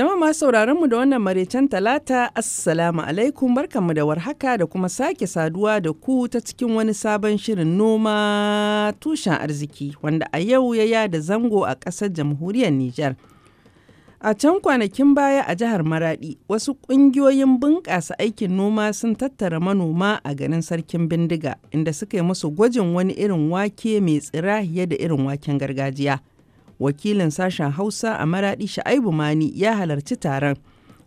jama masu sauraron mu da wannan maraicen talata assalamu alaikum barkanmu da warhaka da kuma sake saduwa da ku ta cikin wani sabon shirin noma tushen arziki wanda a yau ya yada zango a ƙasar jamhuriyar Nijar. A can kwanakin baya a jihar Maradi wasu ƙungiyoyin bunƙasa aikin noma sun tattara manoma a garin sarkin bindiga inda suka yi musu gwajin wani irin wake mai tsira da irin waken gargajiya. wakilin sashen hausa a maraɗi sha'aibu mani ya halarci taron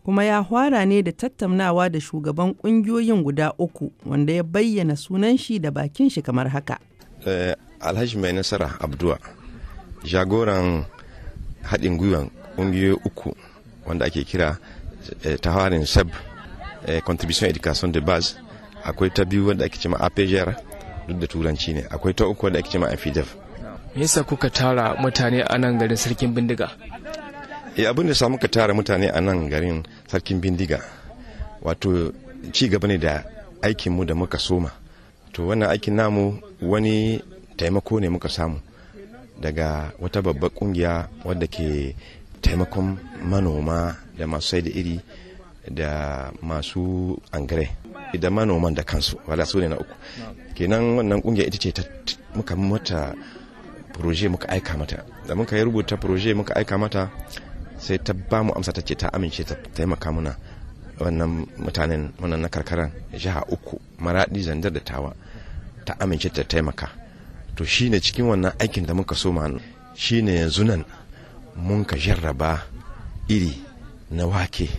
kuma ya fara ne da tattaunawa da shugaban ƙungiyoyin guda uku wanda ya bayyana sunan shi da bakin shi kamar haka eh, alhaji mai nasara abdua jagoran haɗin gwiwan ƙungiyoyi uku wanda ake kira eh, tawarin sab eh, contribution education de base akwai ta biyu wanda ake cema apgr duk da turanci ne akwai ta uku wanda ake cema afidef me yasa kuka tara mutane a nan garin sarkin bindiga eh abin da samu ka tara mutane a nan garin sarkin bindiga wato ci gaba ne da aikinmu da muka soma to wannan aikin namu wani taimako ne muka samu daga wata babbar kungiya wadda ke taimakon manoma da masu sai da iri da masu angare da manoman da kansu wala su ne na uku kenan wannan kungiya ita ce muka mata proje muka aika mata da muka yi rubuta proje muka aika mata sai ta ba mu amsa ta ce ta amince ta taimaka muna wannan mutanen wannan na karkaran jiha uku maradi zandar da tawa ta amince ta taimaka to shine cikin wannan aikin da muka shi shine yanzu nan mun ka jarraba iri na wake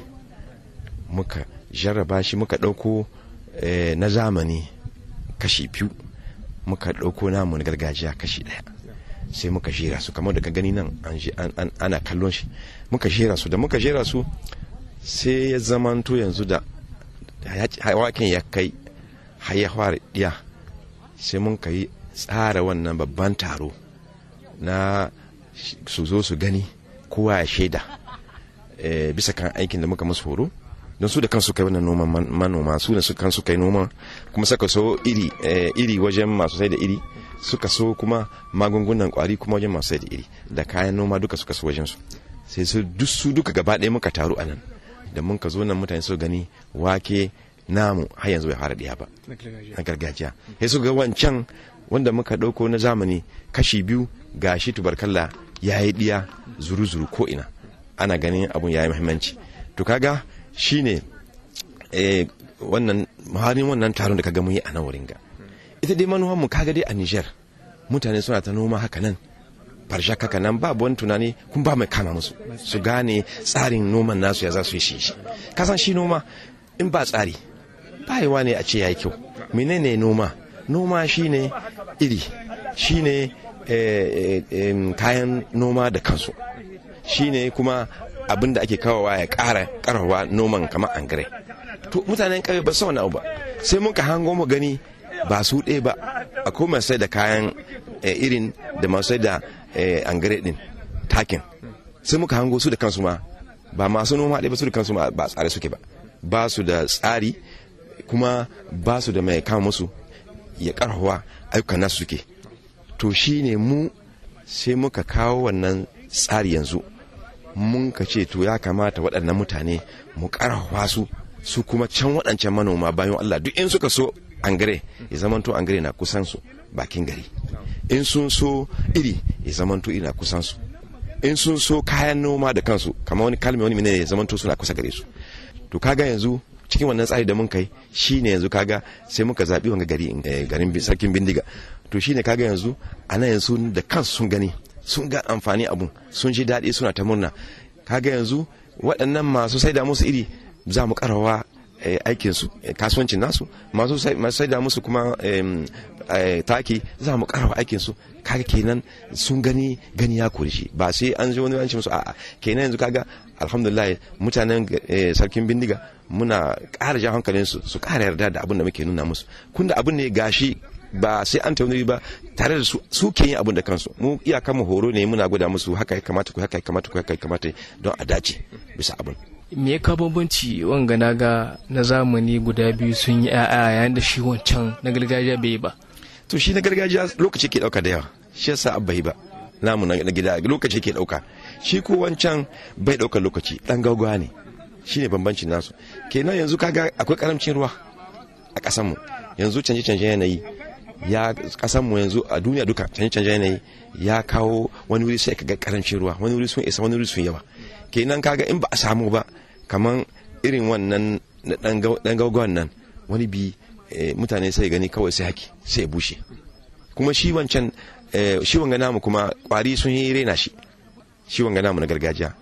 muka jarraba shi muka ɗauko eh, na zamani kashi biyu muka ɗauko namu na gargajiya kashi ɗaya sai muka jera su kamar da ka gani nan ana kallon shi muka jera su da muka jera su sai ya zamanto yanzu da waken ya kai har ya ɗiya sai mun ka yi tsara wannan babban taro na su zo su gani kowa ya shaida eh, bisa kan aikin da muka musu horo don su da kansu kai wannan noman manoma su da kansu kai noman kuma saka so eh, iri wajen masu sai da iri suka so kuma magungunan kwari kuma wajen masu da iri da kayan noma duka suka so wajen su sai su duk su duka gaba ɗaya muka taru anan da mun ka zo nan mutane su gani wake namu har yanzu bai fara ɗaya ba na gargajiya sai su ga wancan wanda muka ɗauko na zamani kashi biyu gashi tubarkalla ya yi ɗiya zuru-zuru ko ina ana ganin abun ya yi muhimmanci to kaga shine eh, wannan harin wannan taron da kaga mun yi a nan wurin ga ita dai manuwan mu kaga dai a Niger mutane suna ta noma haka nan farsha haka nan babu wani tunani kun ba mai kama musu su gane tsarin noman nasu ya za su yi shi kasan shi noma in ba tsari ba yi ne a ce ya yi kyau menene noma noma shine iri shine eh, eh, kayan noma da kansu shine kuma abin da ake kawowa ya kara ƙarawa noman kamar angare to mutanen ƙauye ba sau na ba sai mun ka hango mu gani ba su ɗaya ba a koma sai da kayan eh, irin da masu sai da angare eh, ɗin takin sai muka hango su da kansu ma ba masu noma ɗaya ba su da kansu ma ba tsare suke ba ba su da tsari kuma ba su da mai kama musu ya karfafa ayyukan nasu suke to shi ne mu sai muka kawo wannan tsari yanzu mun ka ce to ya kamata waɗannan mutane mu karfafa su su kuma can waɗancan manoma bayan Allah duk in suka so angare ya zamanto angare na kusan su bakin gari in sun so iri ya zamanto iri na kusan su in sun so kayan noma da kansu kama wani kalmi wani mine ya zamanto suna kusa gare su to kaga yanzu cikin wannan tsari da mun kai shine yanzu kaga sai muka zabi wanga gari eh, garin sarkin bindiga to shine kaga yanzu ana yanzu da kansu sun gani sun ga amfani abun sun ji daɗi suna ta murna kaga yanzu waɗannan masu saida musu iri za mu karawa Eh, aikin su eh, kasuwancin nasu masu sai da musu kuma eh, taki za mu karawa aikin su kaga kenan sun gani gani ya kore ba sai an zo wani an musu a'a kenan yanzu kaga alhamdulillah mutanen sarkin bindiga muna ƙara jan hankalin su su ƙara yarda da abin da muke nuna musu kun da abin ne gashi ba sai an tauni ba tare da su su ke yin abin da kansu mu iyakan mu horo ne muna gwada musu haka ya kamata ku haka ya kamata ku haka ya kamata don a dace bisa abin me ya ka bambanci wanga na ga na zamani guda biyu sun yi a'a yayin da shi wancan na gargajiya bai ba to shi na gargajiya lokaci ke dauka da yawa shi yasa abba ba namu na gida lokaci ke dauka shi ko wancan bai dauka lokaci dan gaugawa ne shine bambancin nasu kenan yanzu kaga akwai karamcin ruwa a kasan mu yanzu canje canje yanayi ya kasan mu yanzu a duniya duka canje canje yanayi ya kawo wani wuri sai ga karamcin ruwa wani wuri sun isa wani wuri sun yawa kenan kaga in ba a samu ba kamar irin wannan dan gaugawan nan wani bi eh, mutane sai gani kawai sai haki sai bushe kuma shi wancan eh, shi wanga namu kuma kwari sun yi rena shi shi wanga namu na gargajiya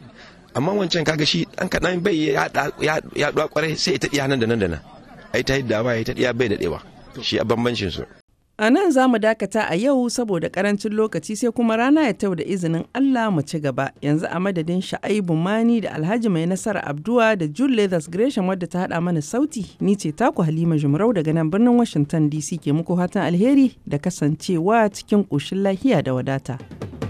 amma wancan kaga shi dan kaɗan bai ya kwarai sai ta iya nan da nan da nan ai ta yadda ba ya ta iya bai daɗewa shi a bambancin su A nan za mu dakata a yau saboda karancin lokaci sai kuma rana ya tau da izinin Allah mu ci gaba. Yanzu a madadin Sha'aibu Mani da Alhaji Mai Nasara Abdua da June Leathers Gresham wadda ta haɗa mana sauti, ni ce taku Halima Jumrau daga nan birnin Washington DC ke muku fatan alheri da kasancewa cikin ƙoshin lahiya da wadata.